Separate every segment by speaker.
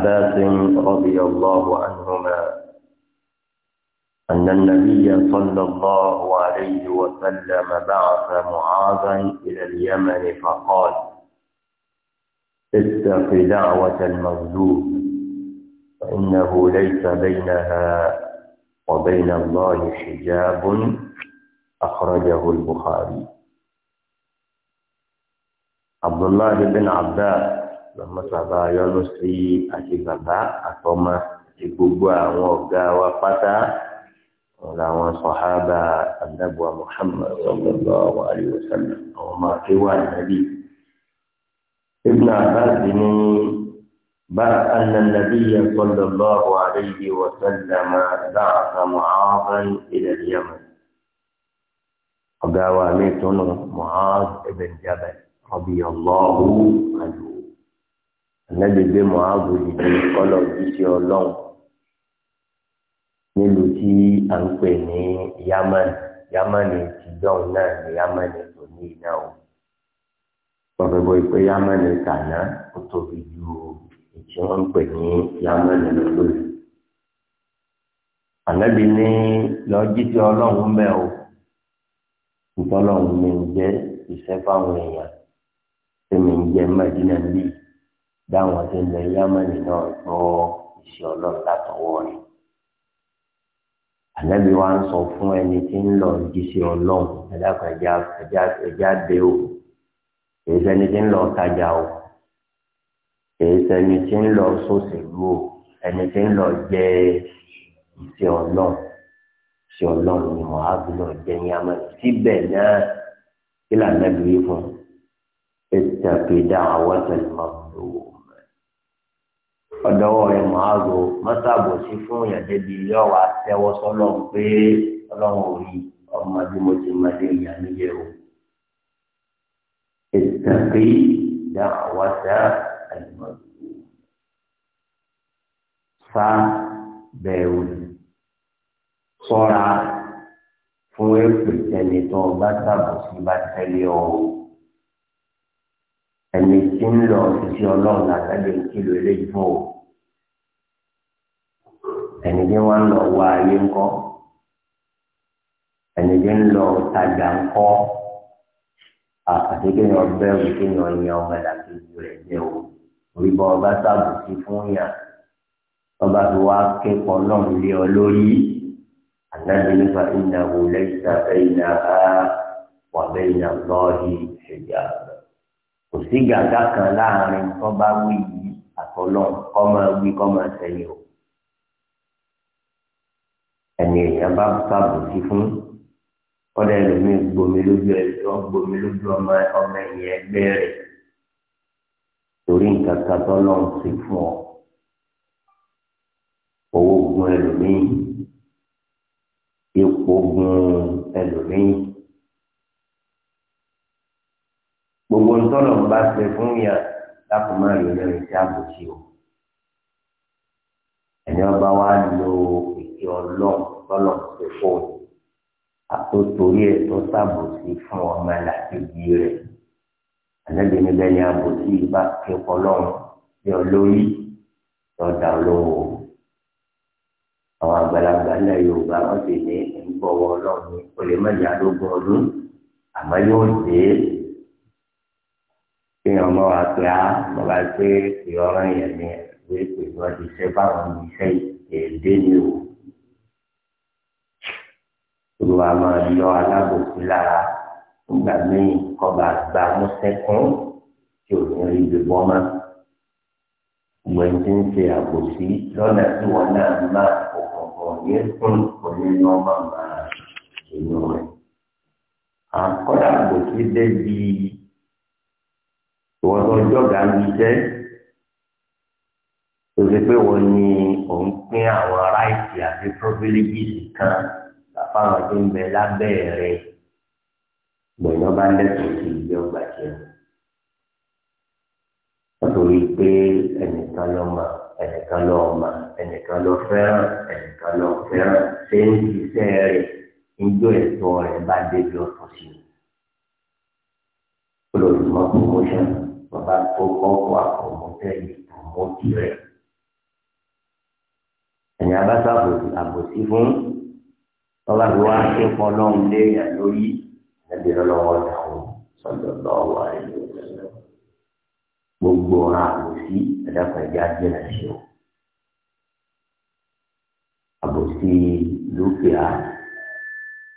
Speaker 1: عباس رضي الله عنهما أن النبي صلى الله عليه وسلم بعث معاذا إلى اليمن فقال اتق دعوة المظلوم فإنه ليس بينها وبين الله حجاب أخرجه البخاري عبد الله بن عباس lọ́mọ́sàbá yọ́nú sí àti bàbá àtọ́mọ́ àti gbogbo àwọn ọ̀gá wa pátá wọn làwọn sọ̀hábà àdàbọ̀ Muhammad sallallahu alaihi wasallam àwọn ọmọ akéwà nàbí. Ibn Abbas ní بعد أن النبي صلى الله عليه وسلم بعث معاذا إلى اليمن أبا واميتون معاذ بن جبل رضي الله عنه ànábì gbé mọ́àbù dìde kọ́lọ̀ jíṣẹ́ ọlọ́run nílùú tí a ń pè ní yamani yamani tìjọ́hún náà ní yamani tó ní iná o pọ̀fẹ́bọ̀ ìpè yamani tàná ó tóbi ju ìtí wọ́n ń pè ní yamani lọ́lọ́yìn ànábì ní lọ jíṣẹ́ ọlọ́run mẹ́ o ìtọ́lọ́run mi ń jẹ́ ìṣẹ́ èèyàn tí mi ń jẹ́ mẹ́dínà bíi dáhùn ọdún ilẹ̀ yámánì náà gbọ́ iṣẹ́ ọlọ́run látọwọ́ rẹ̀. ànábì wa ń sọ fún ẹni tí ń lọ jíṣẹ́ ọlọ́run ẹ̀dákan ẹ̀já dé o èyí sẹ́ni tí ń lọ tajà o èyí sẹ́ni tí ń lọ sóṣèlú o ẹni tí ń lọ jẹ iṣẹ́ ọlọ́run iṣẹ́ ọlọ́run ni mọ̀hábí náà jẹ́ yámánì síbẹ̀ náà kí làǹdàbí yìí fún ẹ̀ tàbí dáhùn àwọn tẹ̀lé máa ń lò wò ọdọwọ rẹ máa ro mọtàbọ sí fún ìyàdé bí yọ wá tẹ́wọ́ sọlọ pé Ọlọ́run ò rí ọmọ bí mo ti máa dé ìyá mi yẹ o. ìtàkì dá àwa dá àìmọ̀ sá bẹ̀rù ṣọ́ra fún èpè tẹni tó ọba tàbọ̀ sí bá tẹ́lẹ̀ ọ ẹni tí ń lọ sí ọlọ́run àtàlẹ́ ìkìlọ̀ eléyìí fún o ẹni tí wọ́n ń lọ wá ayé ńkọ́ ẹni tí ń lọ tajà ńkọ́ àti kéèyàn bẹ̀rù kéèyàn yan ọmọ ìdàkejì rẹ̀ jẹ́ o orí bọ́ ọba sábùsí fún yàn ọba fi wá kékọ̀ọ́ náà lé ọ lórí àdájọ́ nípa ìnáwó lẹ́yìn ìná á wà bẹ́ẹ̀ ìná lọ́ọ̀hì ṣèjà kò sí gàgá kan láàrin tọ́ba wí yìí àtọ́lọ́ kọ́ wí kọ́ sẹ́yìn o ẹni èèyàn bá sábòsí fún kọ́dà ẹlòmíì gbomi lójú ẹjọ́ gbomi lójú ọmọ ọmọ ẹ̀yìn ẹgbẹ́ rẹ̀ torí nǹkan kan tó lọ́n sí fún ọ owó gun ẹlòmíì ipò gun ẹlòmíì gbogbo ntọ́nà bá ṣe fún yà láti máa yọ lẹ́nu iṣẹ́ àbòsí o ẹni ọba wa lo ìkí ọlọ́run tọ́lọ̀ ṣe fún un àtòtòrí ẹ̀ tó sàbòsí fún ọmọ ẹ̀làkejì rẹ̀ àlejò níbẹ̀ ni àbòsí bá ké pọlọ́run bí olórí lọ́dà olówó àwọn àgbàlagbà ńlẹ̀ Yorùbá wọ́n ti ní ìgbọ̀wọ́ ọlọ́run ó lè má yá lógún ọdún àmọ́ yóò dé kéèyàn mọ́ wa pé á mọ́ wa pé ìrọ̀rùn yẹn ni ẹ̀ pé wọ́n ti ṣe báwọn iṣẹ́ èdè ni o olùwà máa yọ alábòsí lára nígbà míì kọba àgbà mọ́sẹ́kún tí ò ní rí ibi bọ́ mọ́. ìwọ̀n tí ń ṣe àbòsí lọ́nà tí wọ́n náà máa ọ̀kọ̀ọ̀kọ̀ ní fún onínú ọmọ màá inú rẹ̀. àkọ́dà àbòsí débi ìwọ́n tó jọ̀gá ń jẹ́ tó ṣe pé wọ́n ní òun pín àwọn ráìtì àti pírọ́fílẹ́jì kan fáwọn tó ń bẹ lábẹ́ rẹ̀ gbọ̀nyọ́ bá lẹ́tọ̀ọ́ sí ilé ọgbà jẹ́ nítorí pé ẹnìkan lọ mà ẹnìkan lọ mà ẹnìkan lọ fẹ́ràn ẹnìkan lọ fẹ́ràn ṣé ń ṣiṣẹ́ rẹ̀ níjó ẹ̀tọ́ rẹ̀ bá débi ọ̀tọ̀ sí i olùdùmọ̀ promotion bàbá tó kọ́kọ́ àkọ́mọ́tẹ́ ìpòmọ́tì rẹ̀ ẹ̀yìn abáṣà àbòsí fún tọ́ba bí wàá ké pọ̀ lọ́hùn léèyàn lórí ẹbí lọ́wọ́ dàrú sọ̀dọ̀ lọ́wọ́ àìlú gbogbo ọ̀ràn àbòsí ẹ̀dàpọ̀ ẹ̀já jìnà sí o àbòsí dúkìá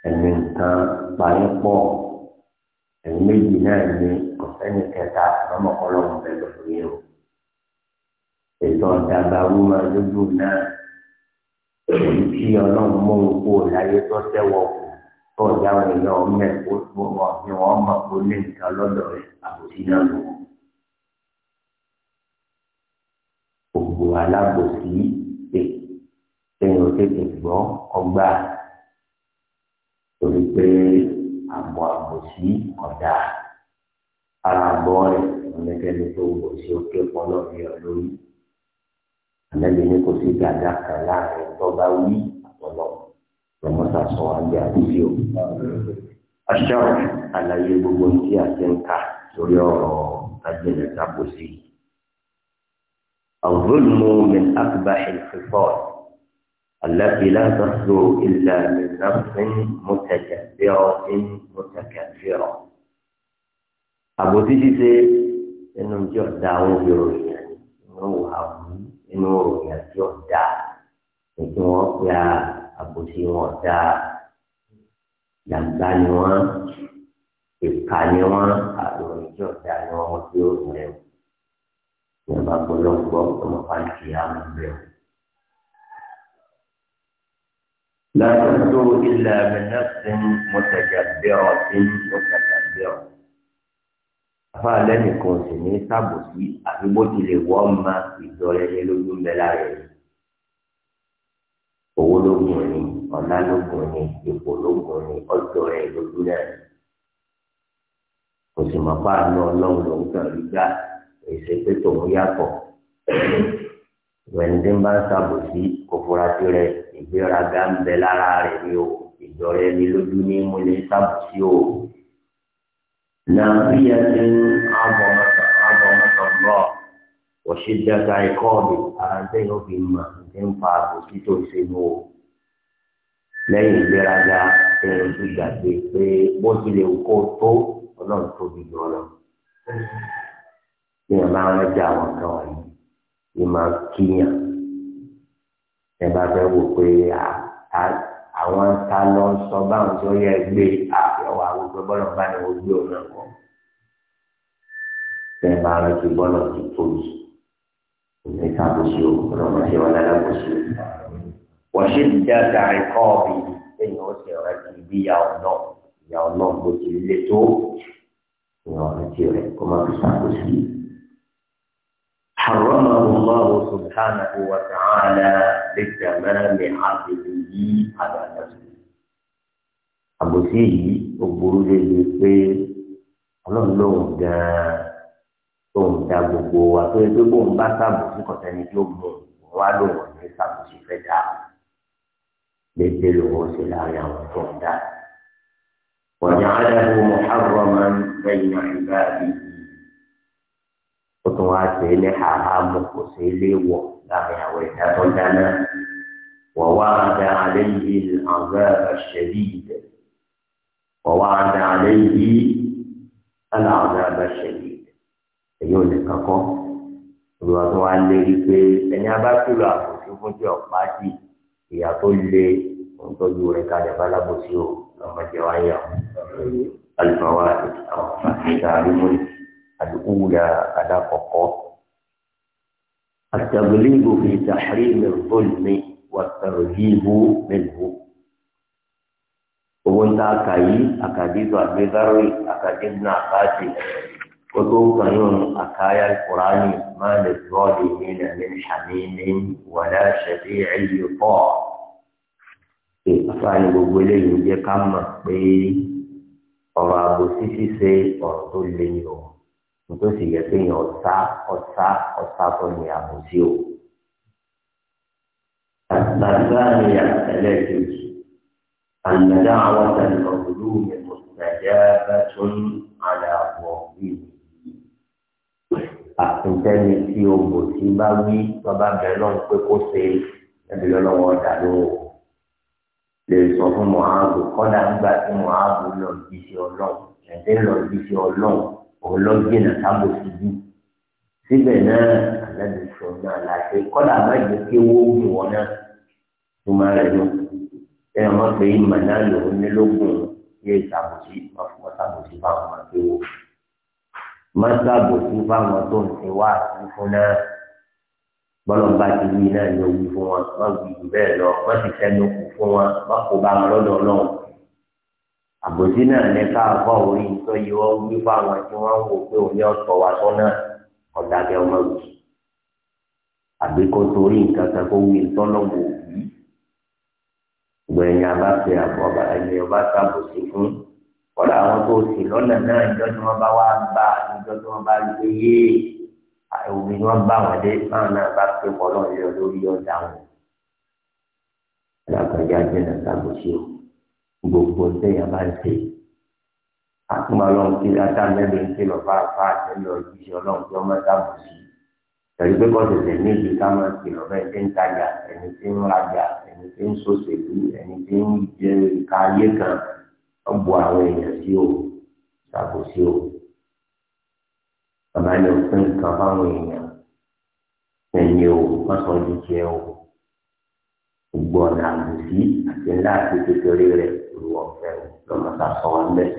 Speaker 1: ẹ̀mí nǹkan pààyànpọ̀ ẹ̀mí méjì náà ní ọ̀sẹ́ni kẹta lọ́mọkọ́lọ́mọ bẹ́ẹ̀ lọ́wọ́ yẹn o ètò ọ̀dàgbà wúmọ lójú náà èyí tí ọlọ́run mú owó láyé tó tẹ́wọ̀ kó ọ̀dà àwọn èèyàn ọmọ ẹ̀kọ́ tó wọ̀ ní wọ́n mọ̀ kó lé nǹkan lọ́dọ̀ rẹ̀ àbòsí náà lò. Gbogbo alábòsí pè tètè gbọ́ ọgbà torí pé àbọ̀ àbòsí ọ̀dà ara àbọ̀ rẹ̀ lọ́lẹ́kẹ́ni tó gbòsí ó ké pọ́ lọ́ọ̀ọ́ ànábi ní kò sí gàdá kan láàrin tọ́ba wí àtọ́lọ́ lọ́mọ́ta sọ àgbẹ̀ àdúgbò o. aṣọ àlàyé gbogbo ní tí a ti ń kà lórí ọ̀rọ̀ ajẹ́lẹ̀ sábòsí. الظلم من أقبح الخصال التي لا تصدر إلا من نفس متجبرة متكبرة àbòsí ṣíṣe ẹnu tí ọ̀dà àwọn obìnrin yẹn ló wà wù inú òòyà tí ó ètò wọn pé àbòsí wọn dá jàǹbá ni wọn ìka ni wọn àròyìn tí ó ni wọn tí ó rẹ ní ọba gbọlọgbọ ọmọ pàǹtí àwọn لا تبدو إلا من نفس متجبرة متكبرة àfa lẹ́nìkan sì ní sábòsí àfi bó tilẹ̀ wọ́ ma ìdọ̀rẹ́ lé lójú ń bẹ láàyè owó lógun ni ọ̀la lógun ni ipò lógun ni ọjọ́ rẹ̀ lójú náà kò sì mọ̀ pa àánú ọlọ́run lòún kàn rí gbà èsì pé tòun yàtọ̀ wẹ̀ndé ń bá ń sàbòsí kò fura sí rẹ̀ ìgbéraga ń bẹ lára rẹ̀ ni o ìjọ rẹ̀ lójú ní múlẹ̀ sàbòsí o. ناظية عظمة عظمة الله وشدة عقابه أرانتين فيما تنفع بسيطة سنو lẹ́yìn ìgbéraga ẹ̀rọ tó gbàgbé pé bó tilẹ̀ kó tó ọlọ́run tóbi gan lọ. Bí wọ́n bá rántí àwọn kan wọ̀nyí, ni máa kíyàn. Ẹ bá fẹ́ wò pé àwọn ta lọ sọ báwọn tó yẹ gbé àfẹwà gbogbo bọ́lọ̀ bá ní ojú ọ̀nà wọn. bẹ́ẹ̀ máa rẹ ti bọ́lọ̀ ti tóbi ìdí káàbùsù ọlọ́mọ ṣe wà lálábùsù. wọ́n ṣì ń dá dàrí kọ́ọ̀bì lẹ́yìn ó sì rẹ ti bí ìyá ọ̀nà ìyá ọ̀nà bó ti lé tó ìyá ọ̀nà tiẹ̀ kó má fi ṣàkóso yìí. حرمه الله سبحانه وتعالى لتمام عدله على نفسه àbòsí yìí ó burú débi pé ọlọ́run lóun gan-an tóun da gbogbo wa tó yẹ pé bóun bá ṣàbòsí kọ̀tẹ́ ni yóò mú un wá lóun ní ṣàbòsí fẹ́ dà dédé lòun ṣe láàrin àwọn tó ń dà. wọ́n yàrá ẹ̀hún muharraman bẹ́yìn àìbáyìí ó tún wá ṣe é ní haramu kò ṣe é léwọ̀ láàrin àwọn ẹ̀dá tó dáná wọ́n wá da àléyìn àwọn àṣẹbí ìdẹ wọ́n wá da àléyìn àwọn àṣẹbí ìdẹ èyí ò ní kankọ́ olùwà tó wá lé rí pé ẹni abákùlù àbòsí fún tí ọ̀pá sí ìyá tó lé òǹtọ́jú rẹ̀ kalẹ̀ bálábòsí o lọ́mọdé wáyà alùpàwà àwọn àti ìdá àlùmọ́nì àdúgbò alákọ̀ọ́kọ́. التغليب في تحريم الظلم والترهيب منه owó tá a kà yí àkàdédò àgbégbárò àkàdédò àbájì ó tó kàyún àkáyà ìkùránì máa lè tọ́lì ní nàìjíríà ṣàmì ní wàdà ṣẹ̀dí ẹ̀yìn pọ̀. ìfààní gbogbo eléyìí jẹ́ ká mọ̀ pé ọ̀rọ̀ àbòsí ṣíṣe ọ̀rọ̀ tó le ni o tó sì yẹ pé yẹn ọ̀tá ọ̀tá ọ̀tá tó ní àbòsí o. Bàbá mi àtẹlẹ́ kejì, ànàdá àwọn tẹ̀lé ọ̀dùnú mi kò tẹ̀lé bá tó ń àlẹ́ àbọ̀ yìí. Àtúntẹ́ni tí o bò sí bá wí bàbá bẹ̀rẹ̀ lọ́n pé kó ṣe ẹbí lọ́wọ́ ọ̀dà ló Lè sọ fún Mọ̀háàbù kọ́dà ń tí Mọ̀háàbù lọ bí ṣe ọlọ́run, ẹ̀dẹ́ lọ bí ṣe ọlọ́run ọlọ́gbìnà sábò sí bí síbẹ̀ náà ànábì sọ náà láti kọ́dà má jẹ́ kí owó ògùn wọn náà tó máa rẹ̀ lọ ẹ ọmọ pé ìmọ̀ náà lòún ní lógún yẹ ìsàbò sí ọ̀fọ̀ sábò sí fáwọn ọmọ tó wò má sábò sí fáwọn tó ń ṣe wá sí fún náà bọ́lọ́mbà ti wí náà ni ó wí fún wọn má wí bẹ́ẹ̀ lọ má ti fẹ́ lókun fún wọn má kó bá wọn lọ́dọ̀ ọlọ́run àbòsí náà ní ká bọ́ orí tó yẹ wọ́n wí fáwọn tí wọ́n ń wò pé òun yóò sọ wa sọ́nà ọ̀dàgẹ́ ọmọ wì àbí kó torí nǹkan kan kó wí tọ́lọ́mù òbí gbẹ̀yìn abáfẹ́ àbọ̀bà ẹni ọba sábòsí fún kọ́dà àwọn tó sì lọ́nà náà ìjọ tí wọ́n bá wá bá ìjọ tí wọ́n bá rí pé yé òbí wọn bá wọn dé báwọn náà bá pé kọ́ lọ́nà lórí ọjà wọn. ẹ̀rọ gbogbo ntẹ̀yìn bá ń tẹ̀. àtúmọ̀ ọlọ́run kí látàmẹ́lẹ̀ ń tẹ̀ lọ bá bá àtẹ̀lẹ̀ ọ̀jíṣẹ́ ọlọ́run tí wọ́n mẹ́ta bù sí. pẹ̀lú pé kọ́sẹ̀ tẹ̀ níbi káwọn ti lọ bẹ́ẹ̀ tẹ́ ń tajà ẹni tí ń rajà ẹni tí ń sòṣèlú ẹni tí ń jẹ ìka ayé kan ọ̀bọ̀ àwọn èèyàn sí o ṣàbò sí o. bàbá yẹn pín nǹkan fáwọn èèyàn ẹ̀yìn o wọ́n sọ jíjẹ o gbọ̀nà àbùsí àti ńlá àti kékeré rẹ̀ وأوفاه لما تعصوا به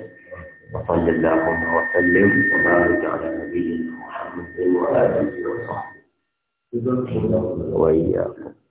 Speaker 1: وصلى اللهم وسلم وبارك على نبينا محمد وآله وصحبه وإياكم